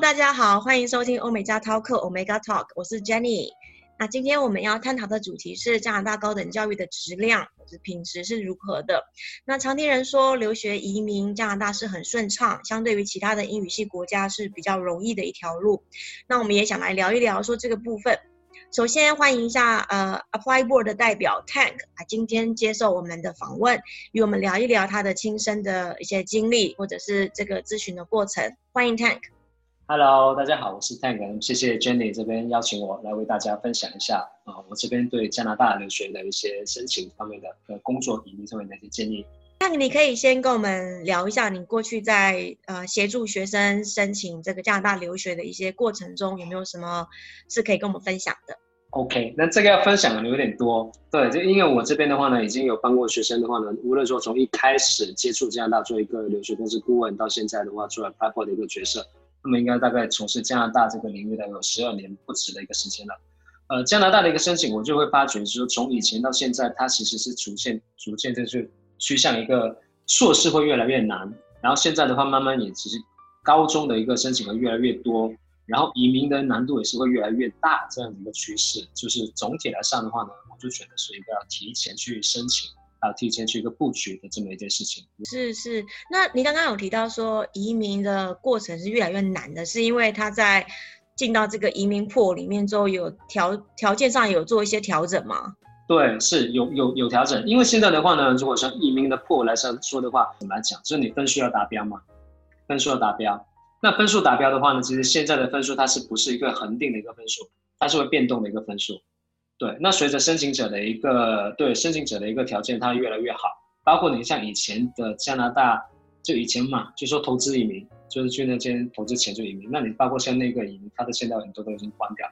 大家好，歡迎收聽歐美加 Talk，Omega Talk，我是 Jenny。那今天我們要探討的主題是加拿大高等教育的質量，或者品質是如何的。那常聽人說留學移民加拿大是很順暢，相對於其他的英語系國家是比較容易的一條路。那我們也想來聊一聊說這個部分。首先歡迎一下呃 Apply Board 的代表 Tank 啊，今天接受我們的訪問，與我們聊一聊他的親身的一些經歷，或者是這個諮詢的過程。歡迎 Tank。Hello，大家好，我是 Tank，謝謝 Jenny 這邊邀請我來為大家分享一下啊、呃，我這邊對加拿大留學的一些申請方面的呃工作以及上面哪些建議。那你可以先跟我們聊一下，你過去在呃協助學生申請這個加拿大留學的一些過程中，有沒有什麼是可以跟我們分享的？OK，那這個要分享的有點多。對，就因為我這邊的話呢，已經有幫過學生的話呢，無論說從一開始接觸加拿大做一個留學公司顧問，到現在的話做了 paper 的一個角色。那麼應該大概從事加拿大這個領域大概有十二年不止的一個時間了，呃，加拿大的一個申請我就會發覺，就是從以前到現在，它其實是逐漸逐漸在去趨向一個碩士會越來越難，然後現在的話慢慢也其實高中的一個申請會越來越多，然後移民的難度也是會越來越大，這樣子一個趨勢，就是總體來上的話呢，我就選擇是一個要提前去申請。要提前去一個布局的這麼一件事情，是是。那你剛剛有提到說移民的過程是越來越難的，是因為他在進到這個移民破裡面之後有，有條條件上有做一些調整嗎？對，是有有有調整。因為現在的話呢，如果說移民的破來說的話，很難來講，就是你分數要達標嘛，分數要達標。那分數達標的話呢，其實現在的分數它是不是一個恆定的一個分數？它是會變動的一個分數。對，那隨着申請者的一個對申請者的一個條件，它越來越好，包括你像以前的加拿大，就以前嘛，就說投資移民，就是去那些投資錢就移民。那你包括像那個移民，它的現在很多都已經關掉。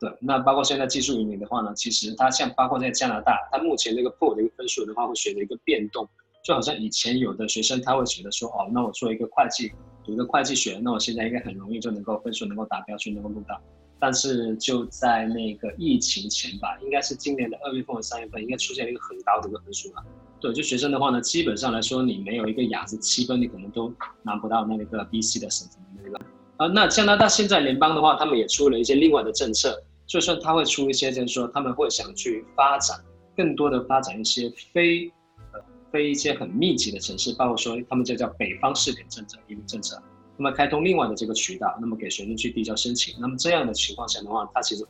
對，那包括現在技術移民的話呢，其實它像包括在加拿大，它目前那個 pool 的一個分數的話，會隨著一個變動。就好像以前有的學生他會覺得說，哦，那我做一個會計，讀一個會計學，那我現在應該很容易就能夠分數能夠達標去能夠錄到。但是就在那個疫情前吧，應該是今年的二月份和三月份，應該出現了一個很高的一個分數了。對，就學生的話呢，基本上來說，你沒有一個雅思七分，你可能都拿不到那個 BC 的省份的那個。啊、呃，那加拿大現在聯邦的話，他們也出了一些另外的政策，就是說他會出一些，就是說他們會想去發展更多的發展一些非呃非一些很密集的城市，包括說他們這叫北方試點政策，移民政策。那麼開通另外的這個渠道，那麼給學生去遞交申請。那麼這樣的情況下的話，它其實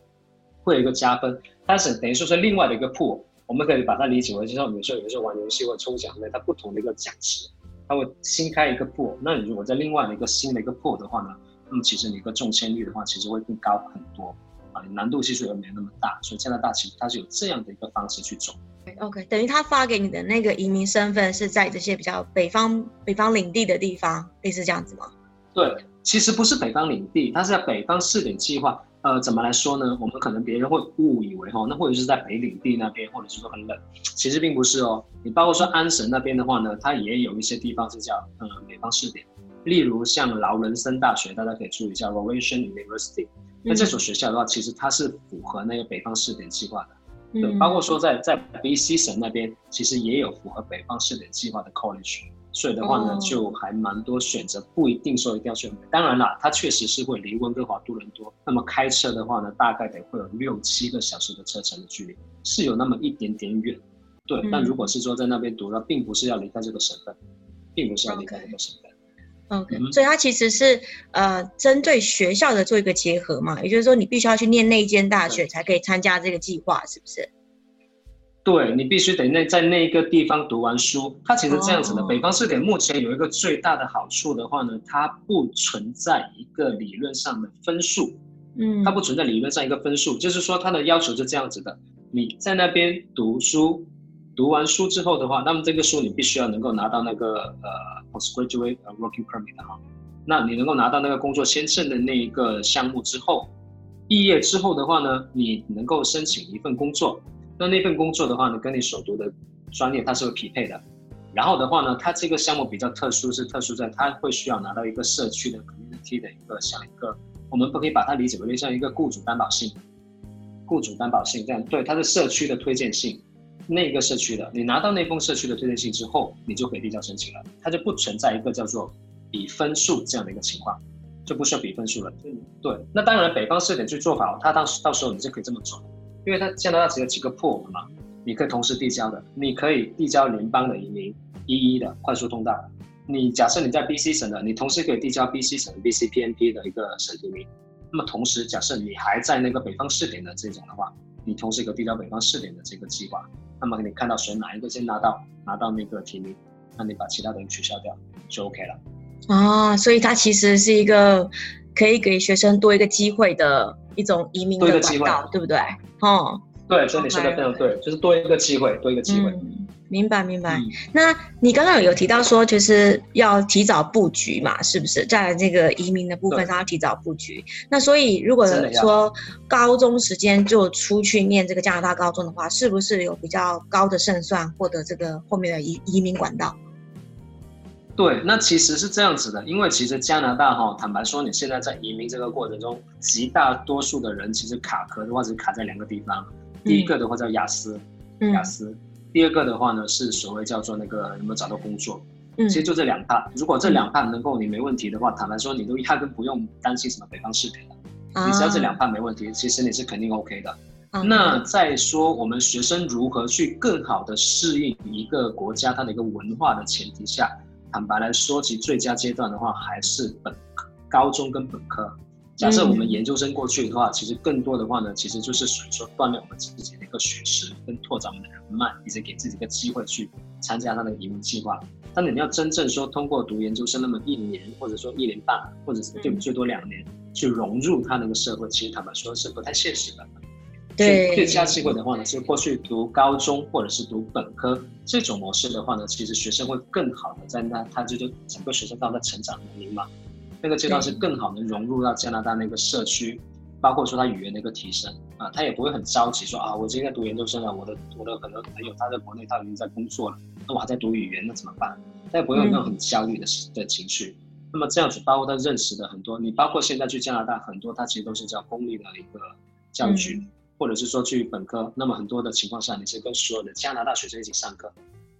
會有一個加分。但是等於說是另外的一個 pool，我們可以把它理解為就像比如說，有時候玩遊戲或抽獎的，它不同的一個獎池，它會新開一個 pool。那你如果在另外的一個新的一個 pool 的話呢，那麼其實你一個中籤率的話，其實會更高很多啊，難度係數又沒那麼大。所以加拿大其實它是有這樣的一個方式去走。OK，等於他發給你的那個移民身份是在這些比較北方北方領地的地方，類似這樣子嗎？對，其實不是北方領地，它是在北方試點計劃。呃，怎麼來說呢？我們可能別人會誤以為哈，那或者是在北領地那邊，或者是說很冷，其實並不是哦。你包括說安省那邊的話呢，它也有一些地方是叫呃北方試點，例如像勞倫森大學，大家可以注意一下 Laurentian University，嗯。那這所學校的話，其實它是符合那個北方試點計劃的。嗯對。包括說在在 B.C 省那邊，其實也有符合北方試點計劃的 college。所以的話呢，oh. 就還蠻多選擇，不一定說一定要選。當然了，它確實是會離溫哥華、多倫多，那麼開車的話呢，大概得會有六七個小時的車程的距離，是有那麼一點點遠。對，嗯、但如果是說在那邊讀，那並不是要離開這個省份，並不是要離開這個省份。OK，okay、嗯、所以他其實是呃針對學校的做一個結合嘛，也就是說你必須要去念那一間大學才可以參加這個計劃，對是不是？對，你必須得那在那一個地方讀完書，它其實這樣子的。哦，北方試點目前有一個最大的好處的話呢，它不存在一個理論上的分數，嗯，它不存在理論上一個分數，就是說它的要求是這樣子的：你在那邊讀書，讀完書之後的話，那麼這個書你必須要能夠拿到那個呃，postgraduate working permit 啊，那你能夠拿到那個工作簽證的那一個項目之後，畢業之後的話呢，你能夠申請一份工作。那那份工作的話呢，跟你所讀的專業它是有匹配的，然後的話呢，它這個項目比較特殊，是特殊在它會需要拿到一個社區的 community 的一個像一個，我們不可以把它理解為像一個雇主擔保信，雇主擔保信這樣，對，它是社區的推薦信，那個社區的，你拿到那封社區的推薦信之後，你就可以遞交申請了，它就不存在一個叫做比分數這樣的一個情況，就不需要比分數了，對，對，那當然北方試點去做法，它到時到時候你就可以這麼做。因為它加拿大只有幾個 pool 嘛，你可以同時遞交的，你可以遞交聯邦的移民一一的快速通道。你假設你在 B C 省的，你同時可以遞交 B C 省 B C PNP 的一個省提名。那麼同時假設你還在那個北方試點的這種的話，你同時可以遞交北方試點的這個計劃。那麼你看到選哪一個先拿到，拿到那個提名，那你把其他的人取消掉就 OK 了。啊、哦、所以它其實是一個。可以給學生多一個機會的一種移民的管道，對不對？哦、嗯，對，所以你說的非常對，okay, 就是多一個機會，多一個機會。嗯、明白，明白。嗯、那你剛剛有有提到說，就是要提早布局嘛，是不是？在這個移民的部分上要提早布局。對那所以如果說高中時間就出去念這個加拿大高中的話，是不是有比較高的勝算獲得這個後面的移移民管道？對，那其實是這樣子的，因為其實加拿大哈、哦，坦白說，你現在在移民這個過程中，極大多數的人其實卡殼的話，是卡在兩個地方，第一個的話叫雅思，雅思、嗯嗯，第二個的話呢是所謂叫做那個有沒有找到工作，嗯、其實就這兩大，如果這兩大能夠你沒問題的話，嗯、坦白說你都壓根不用擔心什麼北方試點。啊、你只要這兩怕沒問題，其實你是肯定 OK 的。嗯、那再說我們學生如何去更好的適應一個國家它的一個文化的前提下。坦白來說，其最佳階段的話，還是本科高中跟本科。假設我們研究生過去的話，嗯、其實更多的話呢，其實就是屬於說鍛鍊我們自己的一個學識，跟拓展我們的人脈，以及給自己一個機會去參加他的移民計劃。但你要真正說通過讀研究生那麼一年，或者說一年半，或者是對，就最多兩年去融入他那個社會，其實坦白說是不太現實的。對，最佳機會的話呢，其對過去讀高中或者是讀本科這種模式的話呢，其實學生會更好的在那，他就是整個學生到他成長年齡嘛，那個階段是更好的融入到加拿大那個社區，包括說他語言的一個提升啊，他也不會很着急說啊，我今天讀研究生了，我的我的很多朋友他在國內他已經在工作了，那我還在讀語言，那怎麼辦？他也不會有那種很焦慮的、嗯、的情緒。那麼這樣子，包括他認識的很多，你包括現在去加拿大很多，他其實都是叫公立的一個教育局、嗯。或者是說去本科，那麼很多的情況下你是跟所有的加拿大學生一起上課。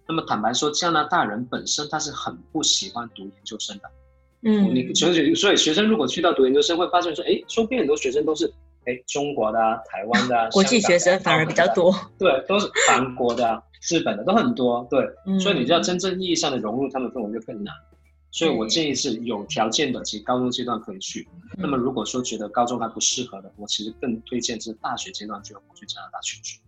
那麼坦白說，加拿大人本身他是很不喜歡讀研究生的。嗯，你所以所以學生如果去到讀研究生，會發現說，哎、欸，周邊很多學生都是哎、欸、中國的、啊、台灣的，、啊、的。國際學生反而比較多。對，都是韓國的、啊、 日本的都很多。對，所以你就要真正意義上的融入他們，這種就更難。所以，我建議是有條件的，其實高中階段可以去。嗯、那麼，如果說覺得高中還不適合的，我其實更推薦是大學階段就要去加拿大去去。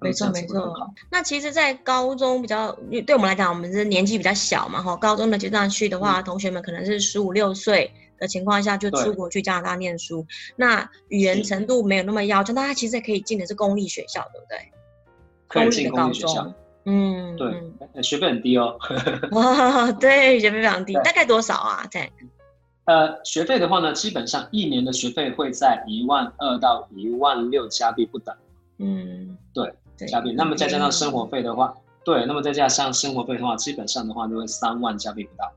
沒錯錯，沒錯。那其實，在高中比較，對我們來講，我們是年紀比較小嘛，哈。高中的階段去的話，嗯、同學們可能是十五六歲的情況下就出國去加拿大念書。對那語言程度沒有那麼要求，大家是其實也可以進的是公立學校，對不對？公立學校。嗯，對，學費很低哦。哇，對，學費非常低，對大概多少啊？在？呃，學費的話呢，基本上一年的學費會在一萬二到一萬六加幣不等。嗯，對，加幣。那麼再加上生活費的話，對，那麼再加上生活費的話，基本上的話就會三萬加幣不到。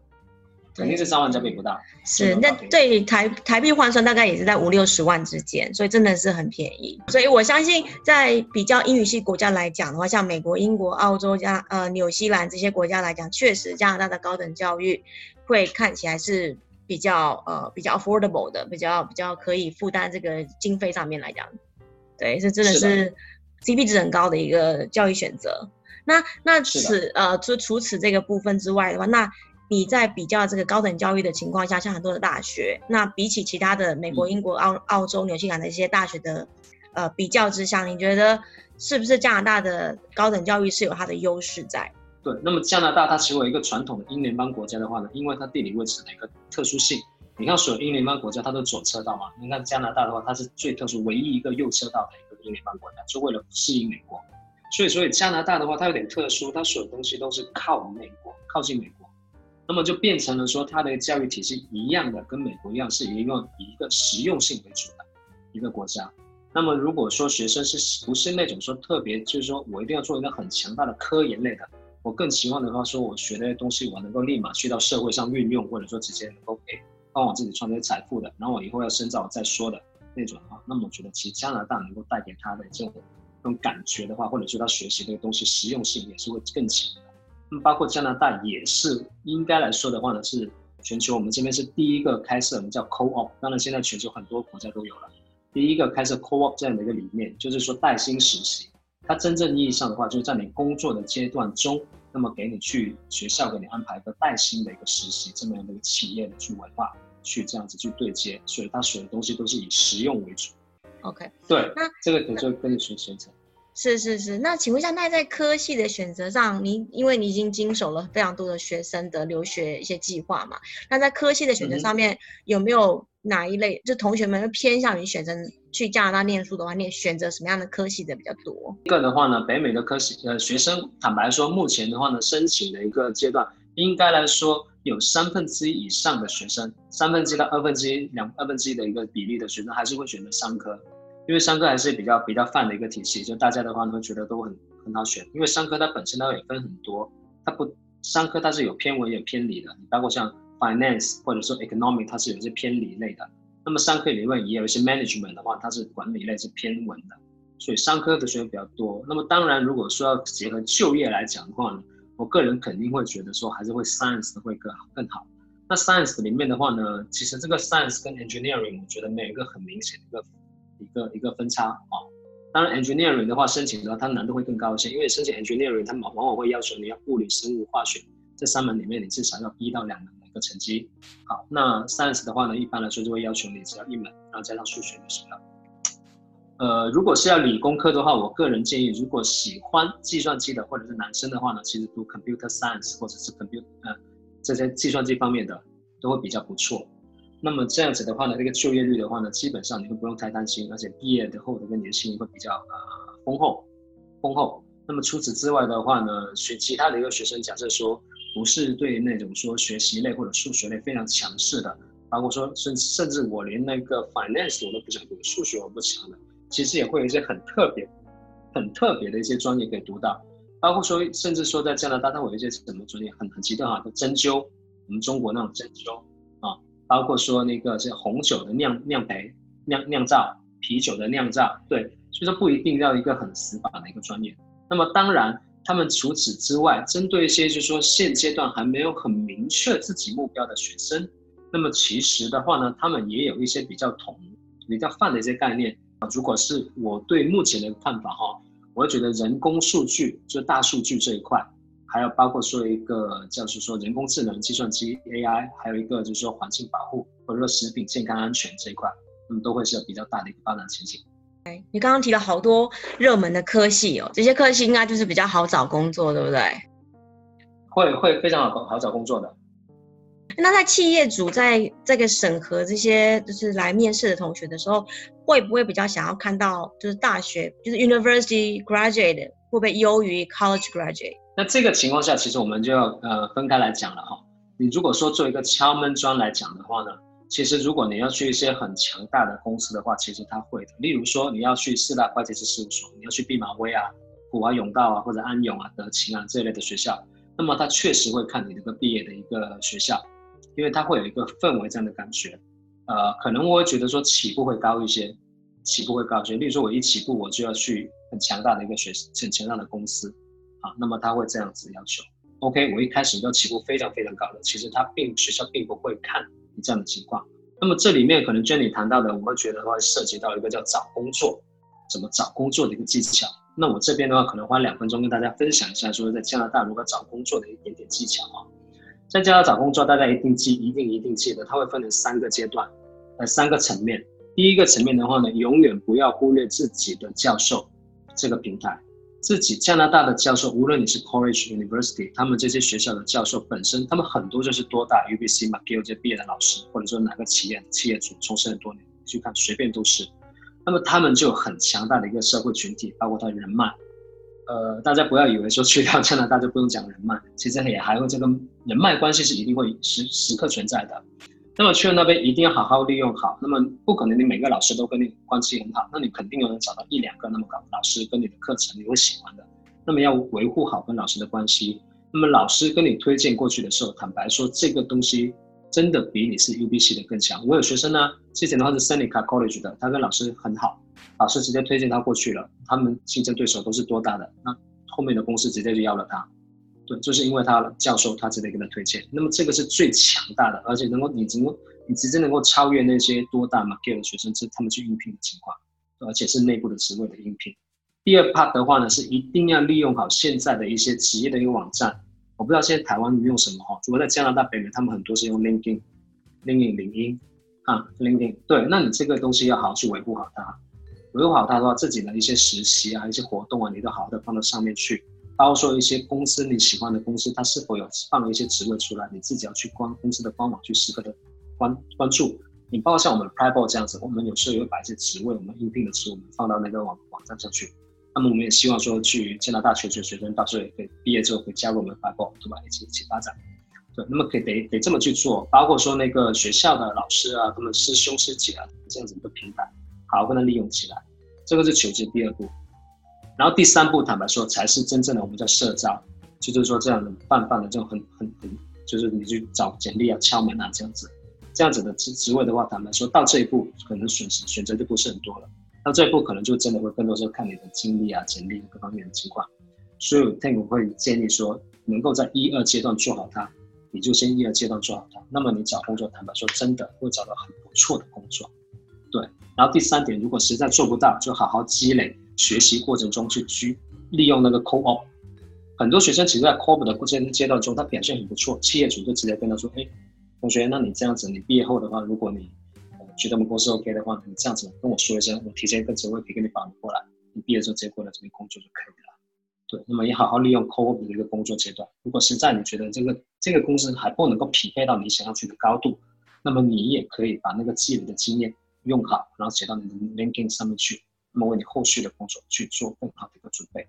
肯定是三萬加幣不到，是，這個、那對台台幣換算大概也是在五六十萬之間，所以真的是很便宜。所以我相信，在比較英語系國家來講的話，像美國、英國、澳洲、加呃紐西蘭這些國家來講，確實加拿大的高等教育會看起來是比較呃比較 affordable 的，比較比較可以負擔這個經費上面來講，對，這真的是，CP 值很高的一個教育選擇。的那那此的呃，除除此這個部分之外的話，那你在比較這個高等教育的情況下，像很多的大學，那比起其他的美國、英國、澳、澳洲、紐西蘭的一些大學的，呃，比較之下，你覺得是不是加拿大的高等教育是有它的優勢在？對，那麼加拿大它作為一個傳統的英聯邦國家的話呢，因為它地理位置的一個特殊性，你看所有英聯邦國家它都左車道嘛，你看加拿大的話，它是最特殊、唯一一個右車道的一個英聯邦國家，就為了適應美國，所以所以加拿大的話它有點特殊，它所有東西都是靠美國，靠近美國。那麼就變成了說，他的教育體系一樣的，跟美國一樣是一個以一個實用性為主的，一個國家。那麼如果說學生是不是那種說特別，就是說我一定要做一個很強大的科研類的，我更希望的話說，我學的東西我能夠立馬去到社會上運用，或者說直接能夠給幫我自己創造財富的，然後我以後要深造再說的那種的話，那麼我覺得其實加拿大能夠帶給他的這種感覺的話，或者說他學習的東西實用性也是會更強。包括加拿大也是，應該來說的話呢，是全球我們這邊是第一個開設我們叫 Co-op。Op, 當然，現在全球很多國家都有了，第一個開設 Co-op 這樣的一個理念，就是說帶薪實習。它真正意義上的話，就是在你工作的階段中，那麼給你去學校給你安排一個帶薪的一個實習，這麼樣的一個企業的去文化，去這樣子去對接，所以它所有東西都是以實用為主。OK，對，這個點就跟着學形成。是是是，那請問一下，那在科系的選擇上，你因為你已經經手了非常多的學生的留學一些計劃嘛？那在科系的選擇上面，嗯、有沒有哪一類，就同學們偏向於選擇去加拿大念書的話，念選擇什麼樣的科系的比較多？一個的話呢，北美的科系，呃，學生坦白說，目前的話呢，申請的一個階段，應該來說有三分之一以上的學生，三分之一到二分之一兩二分之一的一個比例的學生，還是會選擇商科。因為商科還是比較比較泛的一個體系，就大家的話呢，會覺得都很很好選。因為商科它本身它也分很多，它不商科它是有偏文也偏理的。你包括像 finance 或者說 economic，它是有一些偏理類的。那麼商科裡面也有一些 management 的話，它是管理類是偏文的。所以商科的學生比較多。那麼當然，如果說要結合就業來講的話呢，我個人肯定會覺得說還是會 science 會更好更好。那 science 裡面的話呢，其實這個 science 跟 engineering 我覺得沒有一個很明顯的一個。一個一個分差啊，當然，engineering 的話申請的話，它難度會更高一些，因為申請 engineering，它往往會要求你要物理、生物、化學這三門裡面，你至少要一到兩門的一個成績。好，那 science 的話呢，一般來說就會要求你只要一門，然後加上數學就行了。呃，如果是要理工科的話，我個人建議，如果喜歡計算機的或者是男生的話呢，其實讀 computer science 或者是 computer 呃這些計算機方面的都會比較不錯。那麼這樣子的話呢，這個就業率的話呢，基本上你就不用太擔心，而且畢業的後的那個年薪會比較呃豐厚，豐厚。那麼除此之外的話呢，學其他的一個學生，假設說不是對那種說學習類或者數學類非常強勢的，包括說甚甚至我連那個 finance 我都不想讀，數學我不強的，其實也會有一些很特別，很特別的一些專業可以讀到，包括說甚至說在加拿大，它有一些什麼專業很很極端啊，叫針灸，我們中國那種針灸。包括說那個是紅酒的釀、釀造、釀、釀造啤酒的釀造，對，所以說不一定要一個很死板的一個專業。那麼當然，他們除此之外，針對一些就是說現階段還沒有很明確自己目標的學生，那麼其實的話呢，他們也有一些比較同，比較泛的一些概念。啊，如果是我對目前的看法哈，我覺得人工數據就大數據這一塊，還有包括說一個，就是說人工智能、計算機 AI，還有一個就是說環境保護，或者說食品健康安全這一塊，那麼、嗯、都會是有比較大的一個發展前景。哎，你剛剛提了好多熱門的科系哦，這些科系應該就是比較好找工作，對不對？會會非常好好找工作的。那在企業主在這個審核這些就是來面試的同學的時候，會不會比較想要看到就是大學就是 University Graduate 會不會優於 College Graduate？那這個情況下，其實我們就要呃分開來講了哈、哦。你如果說做一個敲門磚來講的話呢，其實如果你要去一些很強大的公司的話，其實他會的。例如說，你要去四大會計師事務所，你要去畢馬威啊、普華、啊、永道啊、或者安永啊、德勤啊這一類的學校，那麼他確實會看你這個畢業的一個學校，因為他會有一個氛圍這樣的感覺。呃，可能我會覺得說起步會高一些，起步會高一些。例如說，我一起步我就要去很強大的一個學，很強大的公司。啊，那麼他會這樣子要求。OK，我一開始就起步非常非常高的，其實他並學校並不會看你這樣的情況。那麼這裡面可能就你談到的，我會覺得的話，涉及到一個叫找工作，怎麼找工作的一個技巧。那我這邊的話，可能花兩分鐘跟大家分享一下，說在加拿大如何找工作的一點點技巧啊、哦。在加拿大找工作，大家一定記，一定一定記得，它會分成三個階段，呃，三個層面。第一個層面的話呢，永遠不要忽略自己的教授這個平台。自己加拿大的教授，無論你是 college university，他們這些學校的教授本身，他們很多就是多大 UBC、McGill 這畢業的老師，或者說哪個企業企業主，從事很多年，去看隨便都是。那麼他們就有很強大的一個社會群體，包括他人脈。呃，大家不要以為說去到加拿大就不用講人脈，其實也還有這個人脈關係是一定會時時刻存在的。那麼去了那邊一定要好好利用好。那麼不可能你每個老師都跟你關係很好，那你肯定又能找到一兩個那麼好老師跟你的課程你會喜歡的。那麼要維護好跟老師的關係。那麼老師跟你推薦過去的時候，坦白說這個東西真的比你是 UBC 的更強。我有學生呢、啊，之前的話是 Seneca College 的，他跟老師很好，老師直接推薦他過去了。他們競爭對手都是多大的。那後面的公司直接就要了他。對，就是因為他教授，他直接跟他推薦，那麼這個是最強大的，而且能夠你能夠你直接能夠超越那些多大 market 的學生是他們去應聘的情況，而且是內部的職位的應聘。第二 part 的話呢，是一定要利用好現在的一些職業的一個網站，我不知道現在台灣用什麼哈，主要在加拿大北美，他們很多是用 LinkedIn，linking 01啊，LinkedIn，link 對，那你這個東西要好好去維護好它，維護好它的話，自己的一些實習啊，一些活動啊，你都好好的放到上面去。包括說一些公司，你喜歡的公司，它是否有放了一些職位出來，你自己要去關公司的官網去時刻的關關注。你包括像我們 ApplyBoard 這樣子，我們有時候也會把一些職位，我們應聘的職位，我們放到那個網網站上去。那麼我們也希望說，去加拿大求學學生到時候也可以畢業之後，可以加入我們 ApplyBoard，對吧？一起一起發展。對，那麼可以得得這麼去做，包括說那個學校的老師啊，他們師兄師姐啊，這樣子一個平台，好好跟他利用起來。這個是求職第二步。然後第三步，坦白說，才是真正的我們在社招，就是說這樣辦辦的半半的這種很很很，就是你去找簡歷啊、敲門啊這樣子，這樣子的職職位的話，坦白說到這一步，可能選擇選擇就不是很多了。到這一步可能就真的會更多時候看你的經歷啊、簡歷各方面的情況。所以，Tank 會建議說，能夠在一二階段做好它，你就先一二階段做好它。那麼你找工作，坦白說，真的會找到很不錯的工作。對，然後第三點，如果實在做不到，就好好積累。學習過程中去居，利用那個 co-op，很多學生其實在 co-op 的過階階段中，他表現很不錯。企業主就直接跟他說：“哎，同學，那你這樣子，你畢業後的話，如果你覺得我們公司 OK 的話，你這樣子跟我說一聲，我提前一個職位可以給你保留過來。你畢業之後直接過來這邊工作就可以了。”對，那麼也好好利用 co-op 的一個工作階段。如果實在你覺得這個這個公司還不能夠匹配到你想要去的高度，那麼你也可以把那個積累的經驗用好，然後寫到你的 LinkedIn 上面去。那麼為你後續的工作去做更好的一個準備，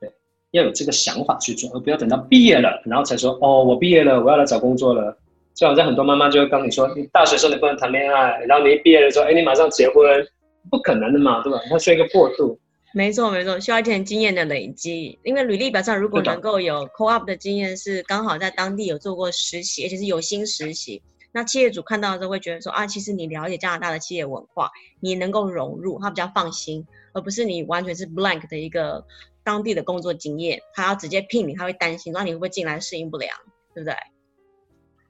對，要有這個想法去做，而不要等到畢業了，然後才說，哦，我畢業了，我要來找工作了。就好像很多媽媽就會告訴你說，你大學生你不能談戀愛，然後你一畢業的時候，哎，你馬上結婚，不可能的嘛，對吧？它需要一個過渡。沒錯，沒錯，需要一點經驗的累積。因為履歷表上如果能夠有 Co-op 的經驗，是剛好在當地有做過實習，而且是有薪實習。那企業主看到的時候會覺得說啊，其實你了解加拿大的企業文化，你能夠融入，他比較放心，而不是你完全是 blank 的一個當地的工作經驗，他要直接聘你，他會擔心讓、啊、你會不會進來適應不良，對不對？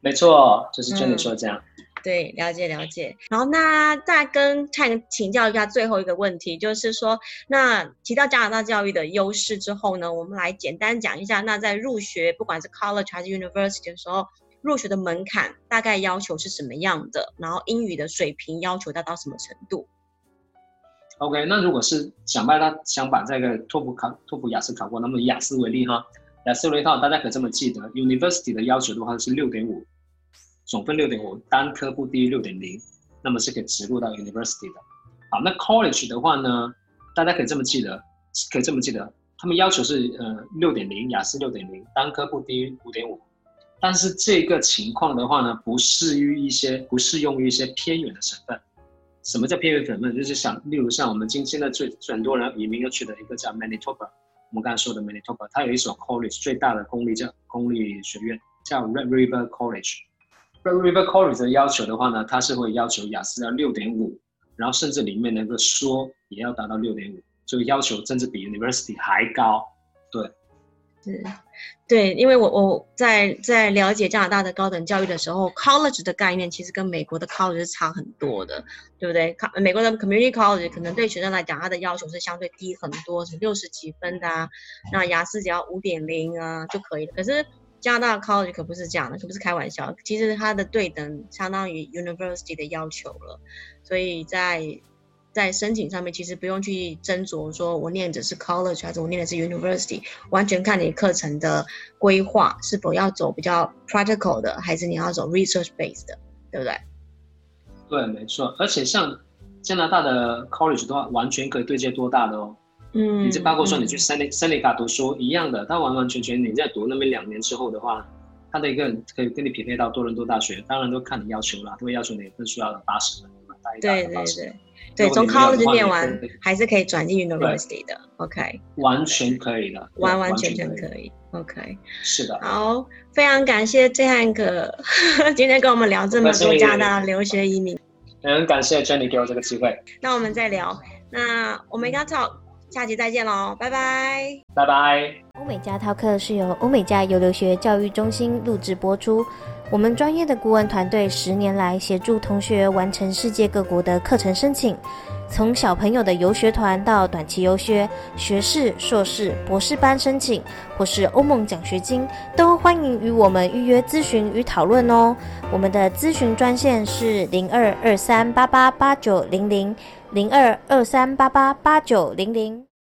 沒錯，就是真的說這樣。嗯、對，了解了解。然後那再跟 Tank 請教一下最後一個問題，就是說那提到加拿大教育的優勢之後呢，我們來簡單講一下，那在入學不管是 college 還是 university 的時候。入學的門檻大概要求是什麼樣的？然後英語的水平要求達到什麼程度？OK，那如果是想辦法想把這個托福考、托福雅思考過，那麼以雅思為例哈，雅思這一套大家可以這麼記得：University 的要求的話是六點五，總分六點五，單科不低於六點零，那麼是可以直入到 University 的。好，那 College 的話呢，大家可以這麼記得，可以這麼記得，他們要求是呃六點零，0, 雅思六點零，單科不低於五點五。但是這個情況的話呢，不適於一些、不適用於一些偏遠的省份。什麼叫偏遠省份？就是像，例如像我們今現在最很多人移民要去的一個叫 Manitoba，我們剛才說的 Manitoba，它有一所 college 最大的公立叫公立學院叫 Red River College。Red River College 的要求的話呢，它是會要求雅思要六點五，然後甚至裡面那個說也要達到六點五，這個要求甚至比 University 還高。是，對，因為我我在在了解加拿大的高等教育的時候，college 的概念其實跟美國的 college 是差很多的，對不對？美國的 community college 可能對學生來講，他的要求是相對低很多，是六十幾分的啊，那雅思只要五點零啊就可以了。可是加拿大的 college 可不是這樣的，可不是開玩笑，其實它的對等相當於 university 的要求了，所以在。在申請上面，其實不用去斟酌，說我念的是 college 還是我念的是 university，完全看你課程的規劃是否要走比較 practical 的，還是你要走 research based 的，對不對？對，沒錯。而且像加拿大的 college 的話，完全可以對接多大的哦，嗯，你這包括說你去 Seneca 讀書一樣的，它完完全全你在讀那麼兩年之後的話，它的一個可以跟你匹配到多倫多大學，當然都看你要求了，都會要求你分數要到八十分，大一打分、大二八十對，從 college 念完還是可以轉進 university 的對，OK。完全可以的，完對對完全全可以對，OK。是的，好，非常感謝 Tank 今天跟我們聊這麼多加大留學移民。非常感謝 Jenny 給我這個機會。那我們再聊，那我們 g talk，、嗯、下集再見嘍，拜拜。拜拜 bye。歐美加 Talk 是由歐美加遊留學教育中心錄製播出。我們專業的顧問團隊，十年來協助同學完成世界各國的課程申請，從小朋友的遊學團到短期遊學、學士、碩士、博士班申請，或是歐盟獎學金，都歡迎與我們預約諮詢與討論哦。我們的諮詢專線是零二二三八八八九零零，零二二三八八八九零零。